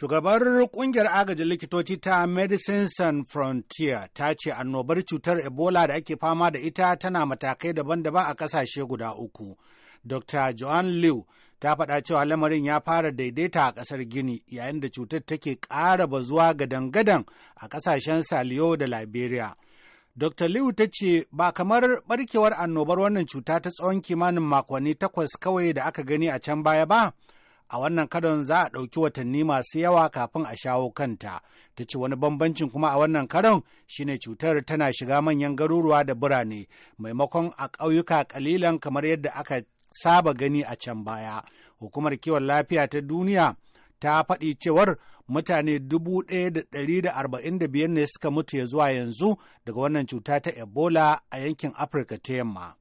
Shugabar kungiyar agajin likitoci ta Medicine San Frontier ta ce annobar cutar Ebola da ake fama da ita tana matakai daban-daban a kasashe guda uku. Dr. Joan Liu ta faɗa cewa lamarin ya fara daidaita a ƙasar Gini yayin da cutar take ƙara bazuwa gadan-gadan a ƙasashen Saliyo da Liberia. Dr. Liu ta ce ba kamar barkewar annobar wannan cuta ta tsawon kimanin makonni takwas kawai da aka gani a can baya ba. a wannan karon za a ɗauki watanni masu yawa kafin a shawo kanta ta ce wani bambancin kuma a wannan karon shine cutar tana shiga manyan garuruwa da birane maimakon a ƙauyuka ƙalilan kamar yadda aka saba gani a can baya hukumar kiwon lafiya ta duniya ta faɗi cewar mutane da biyar ne suka mutu ya zuwa yanzu daga wannan cuta ta ebola a yankin afirka ta yamma